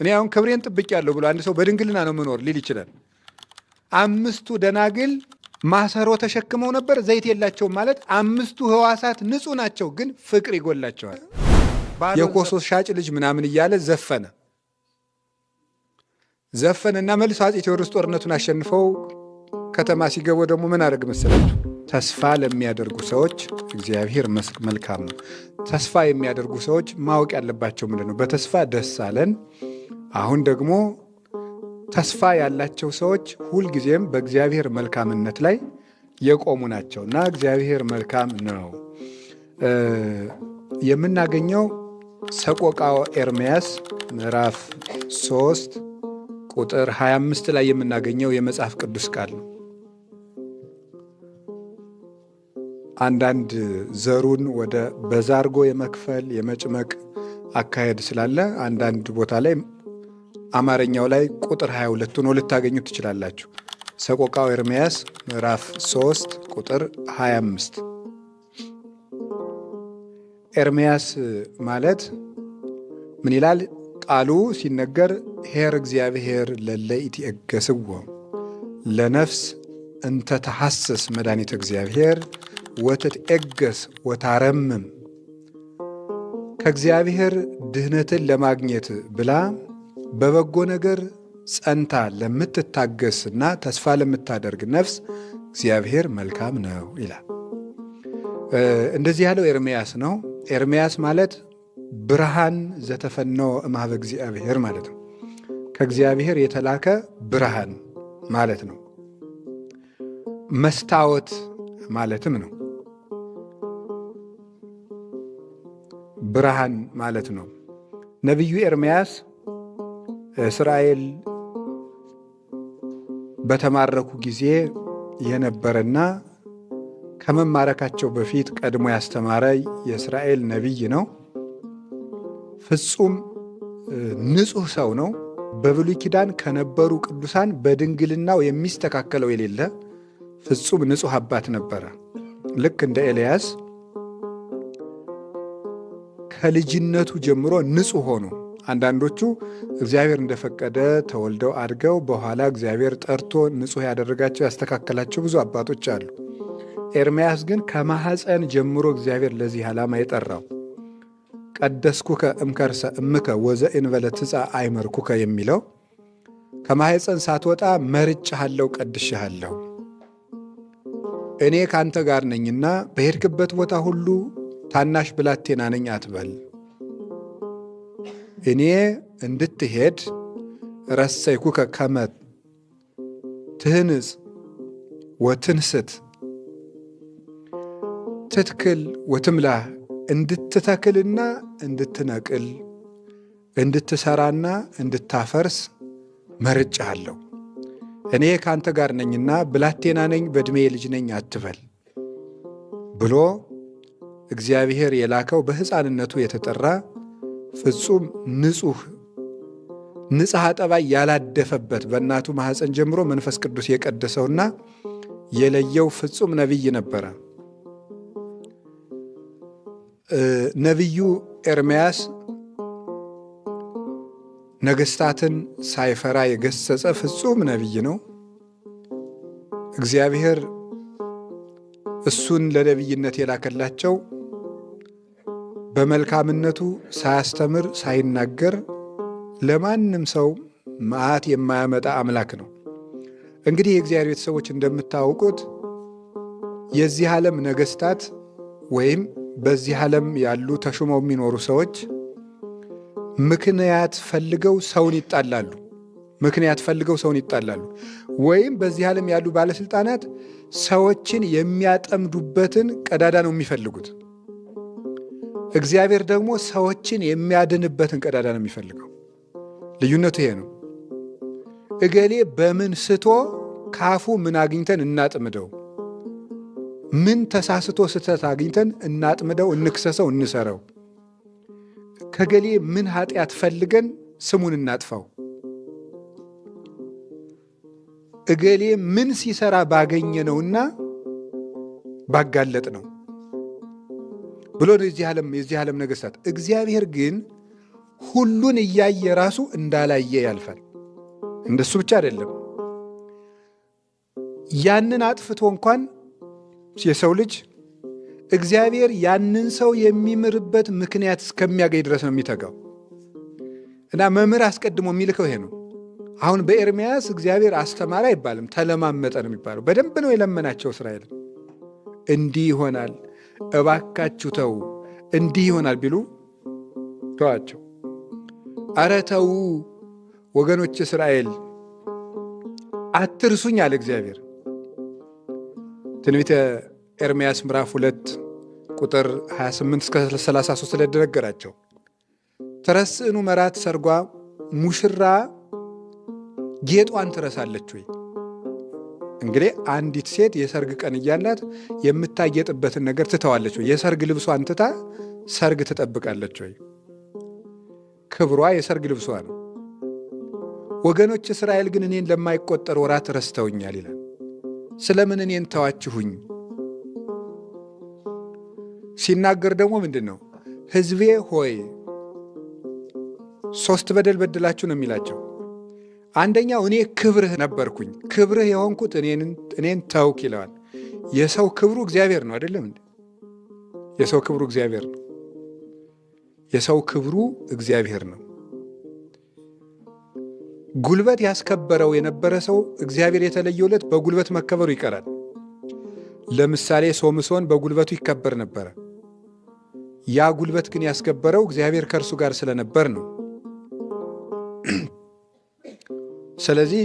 እኔ አሁን ክብሬን ጥብቅ ያለሁ ብሎ አንድ ሰው በድንግልና ነው የምኖር ሊል ይችላል። አምስቱ ደናግል ማሰሮ ተሸክመው ነበር፣ ዘይት የላቸውም ማለት አምስቱ ህዋሳት ንጹህ ናቸው፣ ግን ፍቅር ይጎላቸዋል። የኮሶ ሻጭ ልጅ ምናምን እያለ ዘፈነ ዘፈነ እና መልሶ አፄ ቴዎድሮስ ጦርነቱን አሸንፈው ከተማ ሲገቡ ደግሞ ምን አደረግ መሰላችሁ? ተስፋ ለሚያደርጉ ሰዎች እግዚአብሔር መልካም ነው። ተስፋ የሚያደርጉ ሰዎች ማወቅ ያለባቸው ምንድን ነው? በተስፋ ደስ አለን አሁን ደግሞ ተስፋ ያላቸው ሰዎች ሁልጊዜም በእግዚአብሔር መልካምነት ላይ የቆሙ ናቸው እና እግዚአብሔር መልካም ነው። የምናገኘው ሰቆቃወ ኤርምያስ ምዕራፍ 3 ቁጥር 25 ላይ የምናገኘው የመጽሐፍ ቅዱስ ቃል ነው። አንዳንድ ዘሩን ወደ በዛርጎ የመክፈል የመጭመቅ አካሄድ ስላለ አንዳንድ ቦታ ላይ አማርኛው ላይ ቁጥር 22 ሆኖ ልታገኙ ትችላላችሁ። ሰቆቃው ኤርምያስ ምዕራፍ 3 ቁጥር 25። ኤርምያስ ማለት ምን ይላል? ቃሉ ሲነገር ሄር እግዚአብሔር ለለይት የገስዎ ለነፍስ እንተ ተሐስስ መድኃኒተ እግዚአብሔር ኤገስ ወታረምም ከእግዚአብሔር ድህነትን ለማግኘት ብላ በበጎ ነገር ጸንታ ለምትታገስና ተስፋ ለምታደርግ ነፍስ እግዚአብሔር መልካም ነው ይላል። እንደዚህ ያለው ኤርምያስ ነው። ኤርምያስ ማለት ብርሃን ዘተፈኖ እምኀበ እግዚአብሔር ማለት ነው። ከእግዚአብሔር የተላከ ብርሃን ማለት ነው። መስታወት ማለትም ነው። ብርሃን ማለት ነው። ነቢዩ ኤርምያስ እስራኤል በተማረኩ ጊዜ የነበረና ከመማረካቸው በፊት ቀድሞ ያስተማረ የእስራኤል ነቢይ ነው። ፍጹም ንጹሕ ሰው ነው። በብሉይ ኪዳን ከነበሩ ቅዱሳን በድንግልናው የሚስተካከለው የሌለ ፍጹም ንጹሕ አባት ነበረ። ልክ እንደ ኤልያስ ከልጅነቱ ጀምሮ ንጹሕ ሆኖ አንዳንዶቹ እግዚአብሔር እንደፈቀደ ተወልደው አድገው በኋላ እግዚአብሔር ጠርቶ ንጹሕ ያደረጋቸው ያስተካከላቸው ብዙ አባቶች አሉ። ኤርምያስ ግን ከማሐፀን ጀምሮ እግዚአብሔር ለዚህ ዓላማ የጠራው ቀደስኩከ እምከርሰ እምከ ወዘእንበለ ትፃ አይመርኩከ የሚለው ከማሐፀን ሳትወጣ መርጬሃለሁ፣ ቀድሼሃለሁ እኔ ካንተ ጋር ነኝና በሄድክበት ቦታ ሁሉ ታናሽ ብላቴና ነኝ አትበል እኔ እንድትሄድ ረሰይኩከ ከመ ትህንጽ ወትንስት ትትክል ወትምላህ እንድትተክልና እንድትነቅል እንድትሰራና እንድታፈርስ አለው። እኔ ከአንተ ጋር ነኝና ብላቴና ነኝ፣ በዕድሜ ልጅ ነኝ አትበል ብሎ እግዚአብሔር የላከው በሕፃንነቱ የተጠራ ፍጹም ንጹህ ንጽሐ ጠባይ ያላደፈበት በእናቱ ማኅፀን ጀምሮ መንፈስ ቅዱስ የቀደሰውና የለየው ፍጹም ነቢይ ነበረ። ነቢዩ ኤርምያስ ነገሥታትን ሳይፈራ የገሰጸ ፍጹም ነቢይ ነው። እግዚአብሔር እሱን ለነቢይነት የላከላቸው በመልካምነቱ ሳያስተምር ሳይናገር ለማንም ሰው መዓት የማያመጣ አምላክ ነው። እንግዲህ የእግዚአብሔር ቤተሰቦች እንደምታውቁት የዚህ ዓለም ነገሥታት ወይም በዚህ ዓለም ያሉ ተሹመው የሚኖሩ ሰዎች ምክንያት ፈልገው ሰውን ይጣላሉ። ምክንያት ፈልገው ሰውን ይጣላሉ። ወይም በዚህ ዓለም ያሉ ባለሥልጣናት ሰዎችን የሚያጠምዱበትን ቀዳዳ ነው የሚፈልጉት። እግዚአብሔር ደግሞ ሰዎችን የሚያድንበትን ቀዳዳ ነው የሚፈልገው። ልዩነቱ ይሄ ነው። እገሌ በምን ስቶ ካፉ ምን አግኝተን እናጥምደው፣ ምን ተሳስቶ ስህተት አግኝተን እናጥምደው፣ እንክሰሰው፣ እንሰረው። ከገሌ ምን ኃጢአት ፈልገን ስሙን እናጥፋው። እገሌ ምን ሲሰራ ባገኘ ነውና ባጋለጥ ነው ብሎ የዚህ ዓለም የዚህ ዓለም ነገሥታት እግዚአብሔር ግን ሁሉን እያየ ራሱ እንዳላየ ያልፋል። እንደሱ ብቻ አይደለም። ያንን አጥፍቶ እንኳን የሰው ልጅ እግዚአብሔር ያንን ሰው የሚምርበት ምክንያት እስከሚያገኝ ድረስ ነው የሚተጋው እና መምህር አስቀድሞ የሚልከው ይሄ ነው። አሁን በኤርምያስ እግዚአብሔር አስተማሪ አይባልም፣ ተለማመጠ ነው የሚባለው። በደንብ ነው የለመናቸው እስራኤል፣ እንዲህ ይሆናል እባካችሁ ተዉ፣ እንዲህ ይሆናል ቢሉ ተዋቸው። አረ ወገኖች እስራኤል አትርሱኝ አለ እግዚአብሔር። ትንቢተ ኤርምያስ ምዕራፍ 2 ቁጥር 28 እስከ 33 ስለደነገራቸው ተረስዕኑ መራት ሰርጓ ሙሽራ ጌጧን ትረሳለች ወይ? እንግዲህ አንዲት ሴት የሰርግ ቀን እያላት የምታጌጥበትን ነገር ትተዋለች ወይ? የሰርግ ልብሷን ትታ ሰርግ ትጠብቃለች ወይ? ክብሯ የሰርግ ልብሷ ነው። ወገኖች እስራኤል ግን እኔን ለማይቆጠር ወራት ረስተውኛል ይላል። ስለምን እኔን ተዋችሁኝ? ሲናገር ደግሞ ምንድን ነው? ሕዝቤ ሆይ ሶስት በደል በድላችሁ ነው የሚላቸው አንደኛው እኔ ክብርህ ነበርኩኝ፣ ክብርህ የሆንኩት እኔን ተውክ ይለዋል። የሰው ክብሩ እግዚአብሔር ነው አይደለም እንዴ? የሰው ክብሩ እግዚአብሔር ነው። የሰው ክብሩ እግዚአብሔር ነው። ጉልበት ያስከበረው የነበረ ሰው እግዚአብሔር የተለየውለት በጉልበት መከበሩ ይቀራል። ለምሳሌ ሶምሶን በጉልበቱ ይከበር ነበረ። ያ ጉልበት ግን ያስከበረው እግዚአብሔር ከእርሱ ጋር ስለነበር ነው። ስለዚህ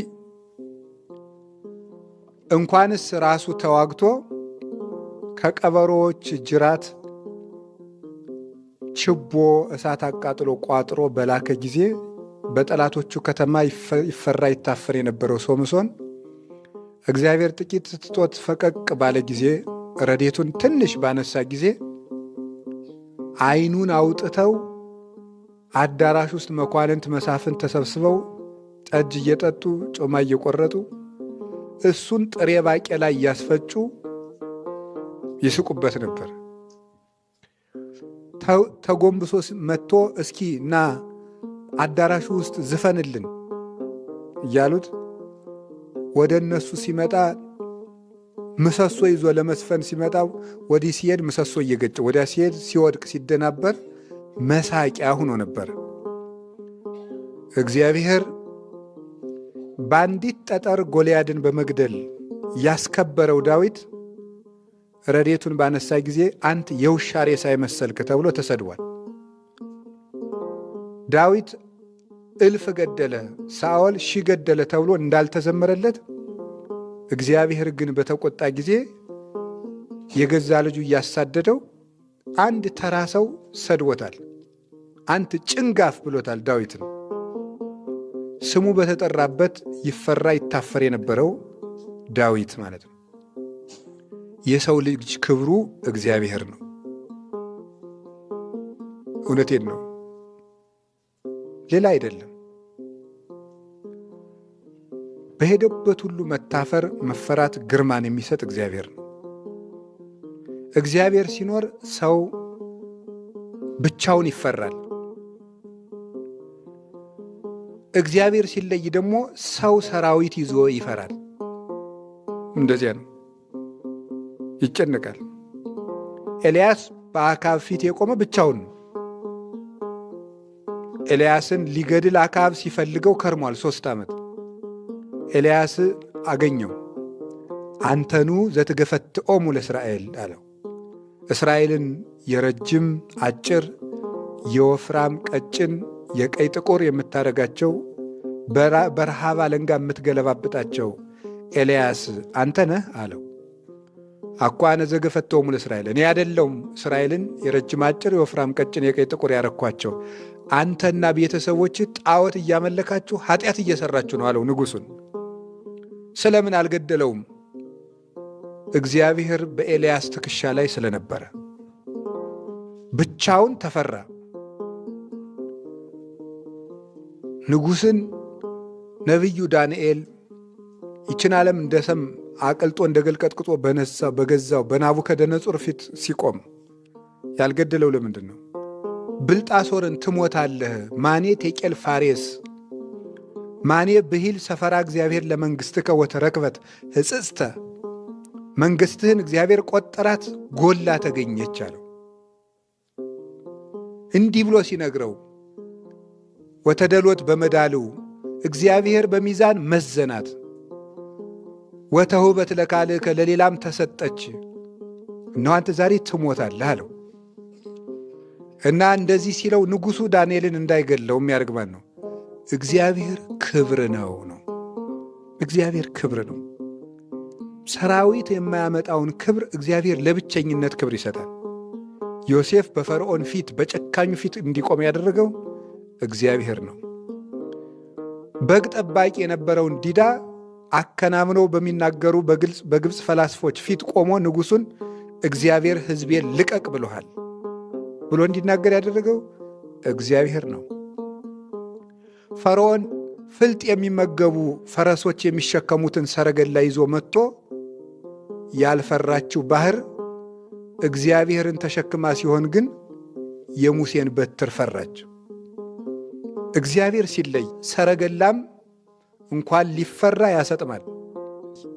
እንኳንስ ራሱ ተዋግቶ ከቀበሮዎች ጅራት ችቦ እሳት አቃጥሎ ቋጥሮ በላከ ጊዜ በጠላቶቹ ከተማ ይፈራ ይታፈር የነበረው ሶምሶን እግዚአብሔር ጥቂት ትቶት ፈቀቅ ባለ ጊዜ ረዴቱን ትንሽ ባነሳ ጊዜ ዓይኑን አውጥተው አዳራሽ ውስጥ መኳንንት መሳፍንት ተሰብስበው ጠጅ እየጠጡ ጮማ እየቆረጡ እሱን ጥሬ ባቄላ እያስፈጩ ይስቁበት ነበር። ተጎንብሶ መጥቶ እስኪ ና አዳራሹ ውስጥ ዝፈንልን እያሉት ወደ እነሱ ሲመጣ ምሰሶ ይዞ ለመስፈን ሲመጣ ወዲህ ሲሄድ ምሰሶ እየገጨ ወዲያ ሲሄድ ሲወድቅ ሲደናበር መሳቂያ ሆኖ ነበር። እግዚአብሔር በአንዲት ጠጠር ጎልያድን በመግደል ያስከበረው ዳዊት ረዴቱን ባነሳ ጊዜ አንት የውሻ ሬሳ የመሰልክ ተብሎ ተሰድቧል። ዳዊት እልፍ ገደለ፣ ሳኦል ሺ ገደለ ተብሎ እንዳልተዘመረለት እግዚአብሔር ግን በተቆጣ ጊዜ የገዛ ልጁ እያሳደደው አንድ ተራ ሰው ሰድቦታል። አንት ጭንጋፍ ብሎታል ዳዊትን። ስሙ በተጠራበት ይፈራ ይታፈር የነበረው ዳዊት ማለት ነው። የሰው ልጅ ክብሩ እግዚአብሔር ነው። እውነቴን ነው፣ ሌላ አይደለም። በሄደበት ሁሉ መታፈር፣ መፈራት፣ ግርማን የሚሰጥ እግዚአብሔር ነው። እግዚአብሔር ሲኖር ሰው ብቻውን ይፈራል። እግዚአብሔር ሲለይ ደግሞ ሰው ሰራዊት ይዞ ይፈራል። እንደዚያ ነው፣ ይጨነቃል። ኤልያስ በአካብ ፊት የቆመ ብቻውን ነው። ኤልያስን ሊገድል አካብ ሲፈልገው ከርሟል ሶስት ዓመት። ኤልያስ አገኘው። አንተኑ ዘትገፈትኦሙ ለእስራኤል አለው። እስራኤልን የረጅም አጭር፣ የወፍራም ቀጭን የቀይ ጥቁር የምታደርጋቸው በረሃብ አለንጋ የምትገለባብጣቸው ኤልያስ አንተ ነህ አለው። አኳ አነ ዘገፈተውሙ ለእስራኤል እኔ ያደለውም እስራኤልን የረጅም አጭር፣ የወፍራም ቀጭን፣ የቀይ ጥቁር ያረኳቸው አንተና ቤተሰቦች ጣዖት እያመለካችሁ ኃጢአት እየሰራችሁ ነው አለው ንጉሱን ስለምን አልገደለውም? እግዚአብሔር በኤልያስ ትከሻ ላይ ስለነበረ ብቻውን ተፈራ። ንጉሥን ነቢዩ ዳንኤል ይችን ዓለም እንደ ሰም አቅልጦ እንደ ገልቀጥቅጦ በነሳው በገዛው በናቡከደነጹር ፊት ሲቆም ያልገደለው ለምንድን ነው? ብልጣሶርን ትሞታለህ፣ ማኔ ቴቄል ፋሬስ ማኔ ብሂል ሰፈራ እግዚአብሔር ለመንግሥትከ ወተረክበት ሕጽጽተ መንግሥትህን እግዚአብሔር ቆጠራት ጎላ ተገኘች አለው። እንዲህ ብሎ ሲነግረው ወተደሎት በመዳልው እግዚአብሔር በሚዛን መዘናት። ወተውበት ለካልከ ለሌላም ተሰጠች። እነሆ አንተ ዛሬ ትሞታለህ አለው እና እንደዚህ ሲለው ንጉሡ ዳንኤልን እንዳይገለው የሚያደርግ ነው? እግዚአብሔር ክብር ነው ነው እግዚአብሔር ክብር ነው። ሰራዊት የማያመጣውን ክብር እግዚአብሔር ለብቸኝነት ክብር ይሰጣል። ዮሴፍ በፈርዖን ፊት በጨካኙ ፊት እንዲቆም ያደረገው እግዚአብሔር ነው። በግ ጠባቂ የነበረውን ዲዳ አከናምነው በሚናገሩ በግብፅ ፈላስፎች ፊት ቆሞ ንጉሱን እግዚአብሔር ሕዝቤን ልቀቅ ብሎሃል ብሎ እንዲናገር ያደረገው እግዚአብሔር ነው። ፈርዖን ፍልጥ የሚመገቡ ፈረሶች የሚሸከሙትን ሰረገላ ይዞ መጥቶ ያልፈራችው ባህር እግዚአብሔርን ተሸክማ ሲሆን ግን የሙሴን በትር ፈራች። እግዚአብሔር ሲለይ ሰረገላም እንኳን ሊፈራ ያሰጥማል።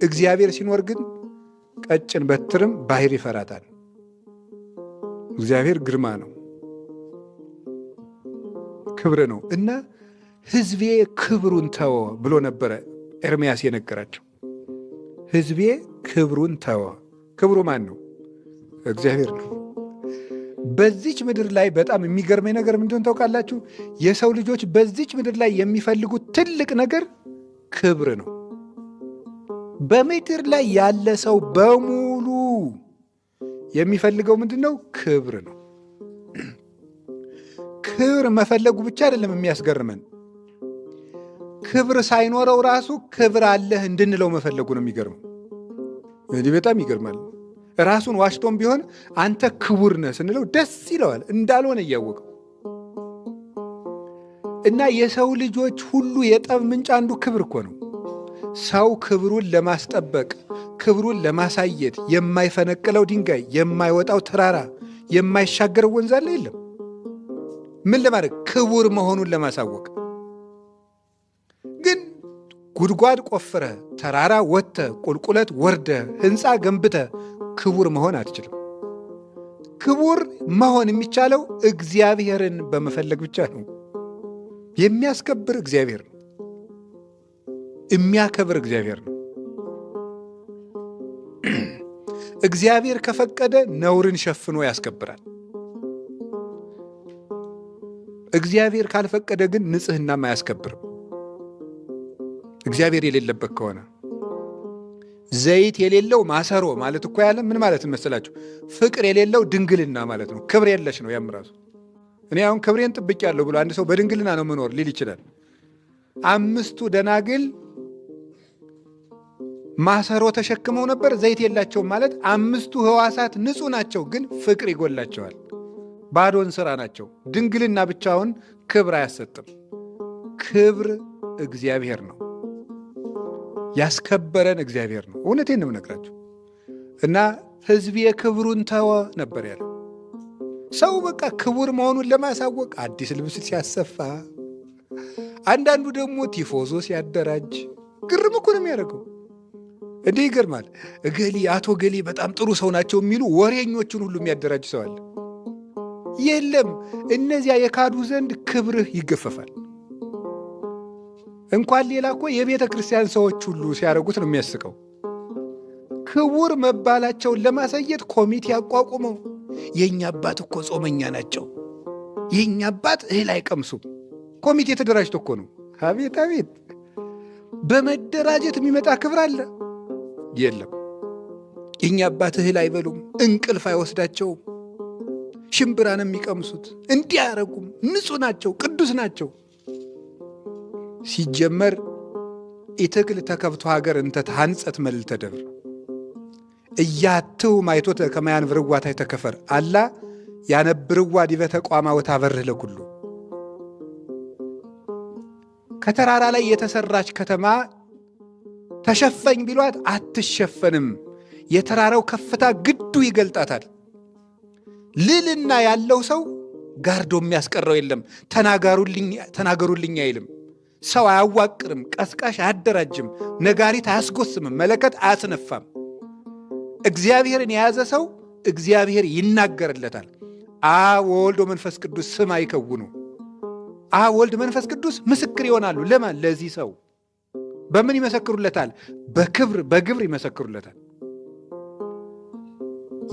እግዚአብሔር ሲኖር ግን ቀጭን በትርም ባህር ይፈራታል። እግዚአብሔር ግርማ ነው፣ ክብር ነው እና ሕዝቤ ክብሩን ተወ ብሎ ነበረ ኤርምያስ የነገራቸው። ሕዝቤ ክብሩን ተወ። ክብሩ ማን ነው? እግዚአብሔር ነው። በዚች ምድር ላይ በጣም የሚገርመኝ ነገር ምንድን ታውቃላችሁ? የሰው ልጆች በዚች ምድር ላይ የሚፈልጉት ትልቅ ነገር ክብር ነው። በምድር ላይ ያለ ሰው በሙሉ የሚፈልገው ምንድን ነው? ክብር ነው። ክብር መፈለጉ ብቻ አይደለም የሚያስገርመን፣ ክብር ሳይኖረው ራሱ ክብር አለህ እንድንለው መፈለጉ ነው የሚገርመው። እንዲህ በጣም ይገርማል። ራሱን ዋሽቶም ቢሆን አንተ ክቡር ነህ ስንለው ደስ ይለዋል፣ እንዳልሆነ እያወቀው እና የሰው ልጆች ሁሉ የጠብ ምንጭ አንዱ ክብር እኮ ነው። ሰው ክብሩን ለማስጠበቅ ክብሩን ለማሳየት የማይፈነቅለው ድንጋይ፣ የማይወጣው ተራራ፣ የማይሻገረው ወንዝ አለ የለም። ምን ለማድረግ ክቡር መሆኑን ለማሳወቅ ግን ጉድጓድ ቆፍረ ተራራ ወጥተ ቁልቁለት ወርደ ህንፃ ገንብተ ክቡር መሆን አትችልም። ክቡር መሆን የሚቻለው እግዚአብሔርን በመፈለግ ብቻ ነው። የሚያስከብር እግዚአብሔር ነው። የሚያከብር እግዚአብሔር ነው። እግዚአብሔር ከፈቀደ ነውርን ሸፍኖ ያስከብራል። እግዚአብሔር ካልፈቀደ ግን ንጽህናም አያስከብርም። እግዚአብሔር የሌለበት ከሆነ ዘይት የሌለው ማሰሮ ማለት እኮ ያለ ምን ማለት መሰላችሁ? ፍቅር የሌለው ድንግልና ማለት ነው። ክብር የለሽ ነው ያም ራሱ። እኔ አሁን ክብሬን ጥብቄያለሁ ብሎ አንድ ሰው በድንግልና ነው መኖር ሊል ይችላል። አምስቱ ደናግል ማሰሮ ተሸክመው ነበር፣ ዘይት የላቸውም ማለት አምስቱ ሕዋሳት ንጹህ ናቸው፣ ግን ፍቅር ይጎላቸዋል። ባዶ እንስራ ናቸው። ድንግልና ብቻውን ክብር አያሰጥም። ክብር እግዚአብሔር ነው። ያስከበረን እግዚአብሔር ነው። እውነቴን ነው የምነግራችሁ። እና ህዝብ የክብሩን ተወ ነበር ያለ ሰው በቃ ክቡር መሆኑን ለማሳወቅ አዲስ ልብስ ሲያሰፋ፣ አንዳንዱ ደግሞ ቲፎዞ ሲያደራጅ፣ ግርም እኮ ነው የሚያደርገው። እንዲህ ይገርማል። እገሌ አቶ ገሌ በጣም ጥሩ ሰው ናቸው የሚሉ ወሬኞቹን ሁሉ የሚያደራጅ ሰው አለ። የለም እነዚያ የካዱ ዘንድ ክብርህ ይገፈፋል። እንኳን ሌላ እኮ የቤተ ክርስቲያን ሰዎች ሁሉ ሲያደርጉት ነው የሚያስቀው። ክቡር መባላቸውን ለማሳየት ኮሚቴ አቋቁመው የእኛ አባት እኮ ጾመኛ ናቸው፣ የእኛ አባት እህል አይቀምሱ ኮሚቴ ተደራጅቶ እኮ ነው። አቤት አቤት! በመደራጀት የሚመጣ ክብር አለ የለም። የእኛ አባት እህል አይበሉም፣ እንቅልፍ አይወስዳቸውም፣ ሽምብራን የሚቀምሱት እንዲህ አያረጉም፣ ንጹህ ናቸው፣ ቅዱስ ናቸው ሲጀመር ኢትክል ተከብቶ ሀገር እንተ ታንጸት መልዕልተ ደብር እያትው ማይቶተ ከማያን ብርዋታይ ተከፈር አላ ያነብርዋ ዲበ ተቋማ ወታበርህ ለኩሉ ከተራራ ላይ የተሰራች ከተማ ተሸፈኝ ቢሏት አትሸፈንም። የተራራው ከፍታ ግዱ ይገልጣታል። ልዕልና ያለው ሰው ጋርዶ የሚያስቀረው የለም። ተናገሩልኝ አይልም። ሰው አያዋቅርም፣ ቀስቃሽ አያደራጅም፣ ነጋሪት አያስጎስምም፣ መለከት አያስነፋም። እግዚአብሔርን የያዘ ሰው እግዚአብሔር ይናገርለታል። አብ ወልድ ወመንፈስ ቅዱስ ስም አይከውኑ። አብ ወልድ መንፈስ ቅዱስ ምስክር ይሆናሉ። ለማን? ለዚህ ሰው። በምን ይመሰክሩለታል? በክብር በግብር ይመሰክሩለታል።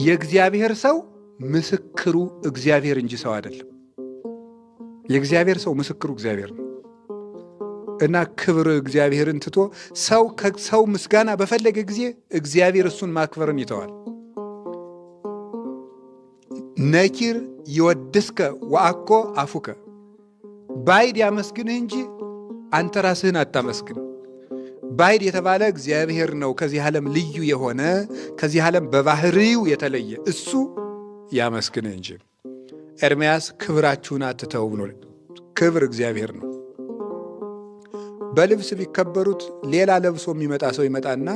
የእግዚአብሔር ሰው ምስክሩ እግዚአብሔር እንጂ ሰው አይደለም። የእግዚአብሔር ሰው ምስክሩ እግዚአብሔር ነው። እና ክብር እግዚአብሔርን ትቶ ሰው ከሰው ምስጋና በፈለገ ጊዜ እግዚአብሔር እሱን ማክበርን ይተዋል። ነኪር ይወድስከ ወአኮ አፉከ፣ ባይድ ያመስግንህ እንጂ አንተ ራስህን አታመስግን። ባይድ የተባለ እግዚአብሔር ነው። ከዚህ ዓለም ልዩ የሆነ ከዚህ ዓለም በባህሪው የተለየ እሱ ያመስግንህ እንጂ። ኤርምያስ ክብራችሁን አትተው ብሎ ክብር እግዚአብሔር ነው። በልብስ ቢከበሩት ሌላ ለብሶ የሚመጣ ሰው ይመጣና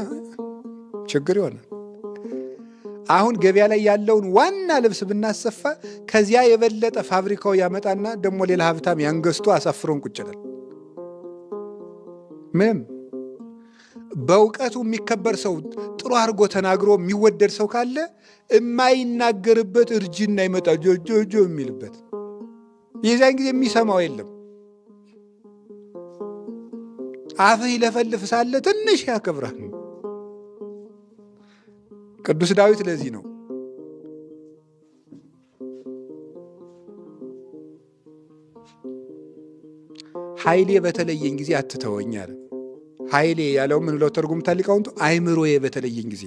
ችግር ይሆናል። አሁን ገበያ ላይ ያለውን ዋና ልብስ ብናሰፋ ከዚያ የበለጠ ፋብሪካው ያመጣና ደግሞ ሌላ ሀብታም ያንገስቶ አሳፍሮን ቁጭ ምንም በእውቀቱ የሚከበር ሰው ጥሩ አድርጎ ተናግሮ የሚወደድ ሰው ካለ የማይናገርበት እርጅና ይመጣል። ጆጆጆ የሚልበት የዚያን ጊዜ የሚሰማው የለም። አፍህ ይለፈልፍ ሳለ ትንሽ ያከብራል። ቅዱስ ዳዊት ለዚህ ነው ኃይሌ በተለየኝ ጊዜ አትተወኝ አለ። ኃይሌ ያለው ምን ብለው ተርጉምታ ሊቃውንቱ? አይምሮዬ በተለየኝ ጊዜ።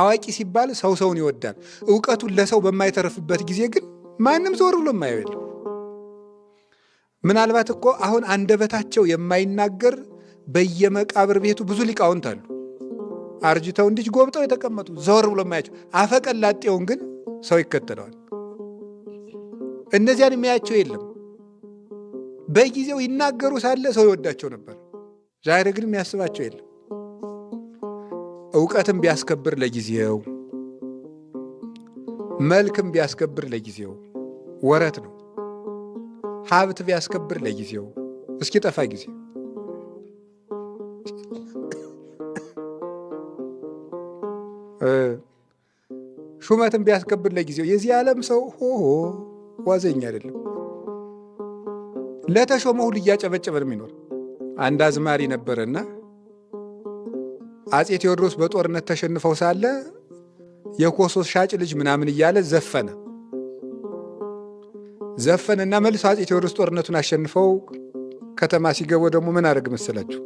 አዋቂ ሲባል ሰው ሰውን ይወዳል። እውቀቱን ለሰው በማይተረፍበት ጊዜ ግን ማንም ዞር ብሎ የማየው የለም። ምናልባት እኮ አሁን አንደበታቸው የማይናገር በየመቃብር ቤቱ ብዙ ሊቃውንት አሉ። አርጅተው እንዲህ ጎብጠው የተቀመጡ ዘወር ብሎ የማያቸው አፈቀላጤውን ግን ሰው ይከተለዋል። እነዚያን የሚያቸው የለም። በጊዜው ይናገሩ ሳለ ሰው ይወዳቸው ነበር። ዛሬ ግን የሚያስባቸው የለም። እውቀትም ቢያስከብር ለጊዜው፣ መልክም ቢያስከብር ለጊዜው ወረት ነው። ሀብት ቢያስከብር ለጊዜው ጠፋ ጊዜ ሹመትን ቢያስከብር ለጊዜው የዚህ ዓለም ሰው ሆሆ ዋዘኛ አይደለም። ለተሾመ ሁሉ እያጨበጨበ ነው የሚኖር። አንድ አዝማሪ ነበረና አፄ ቴዎድሮስ በጦርነት ተሸንፈው ሳለ የኮሶስ ሻጭ ልጅ ምናምን እያለ ዘፈነ። ዘፈንና መልሶ አፄ ቴዎድሮስ ጦርነቱን አሸንፈው ከተማ ሲገቡ ደግሞ ምን አደረግ መሰላችሁ?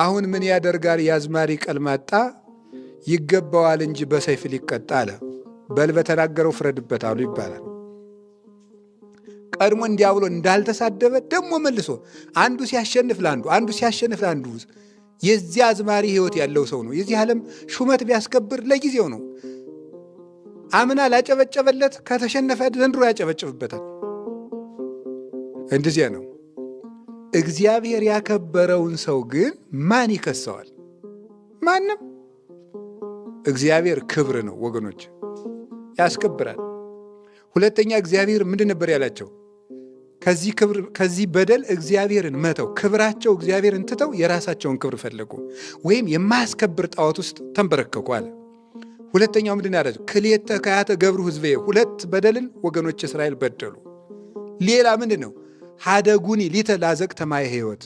አሁን ምን ያደርጋል የአዝማሪ ቀልማጣ ይገባዋል እንጂ በሰይፍ ሊቀጣ አለ። በል በተናገረው ፍረድበት አሉ ይባላል። ቀድሞ እንዲያ ብሎ እንዳልተሳደበ ደግሞ መልሶ አንዱ ሲያሸንፍ ለአንዱ አንዱ ሲያሸንፍ ለአንዱ የዚህ አዝማሪ ሕይወት ያለው ሰው ነው። የዚህ ዓለም ሹመት ቢያስከብር ለጊዜው ነው። አምና ላጨበጨበለት ከተሸነፈ ዘንድሮ ያጨበጭብበታል። እንደዚያ ነው። እግዚአብሔር ያከበረውን ሰው ግን ማን ይከሰዋል? ማንም። እግዚአብሔር ክብር ነው ወገኖች፣ ያስከብራል። ሁለተኛ እግዚአብሔር ምንድን ነበር ያላቸው? ከዚህ ክብር ከዚህ በደል እግዚአብሔርን መተው፣ ክብራቸው እግዚአብሔርን ትተው የራሳቸውን ክብር ፈለጉ፣ ወይም የማያስከብር ጣዖት ውስጥ ተንበረከኩ አለ። ሁለተኛው ምንድን ያደረ ክልኤተ ከያተ ገብሩ ህዝቤ፣ ሁለት በደልን ወገኖች እስራኤል በደሉ። ሌላ ምንድን ነው? ሀደጉኒ ሊተ ላዘቅ ህይወት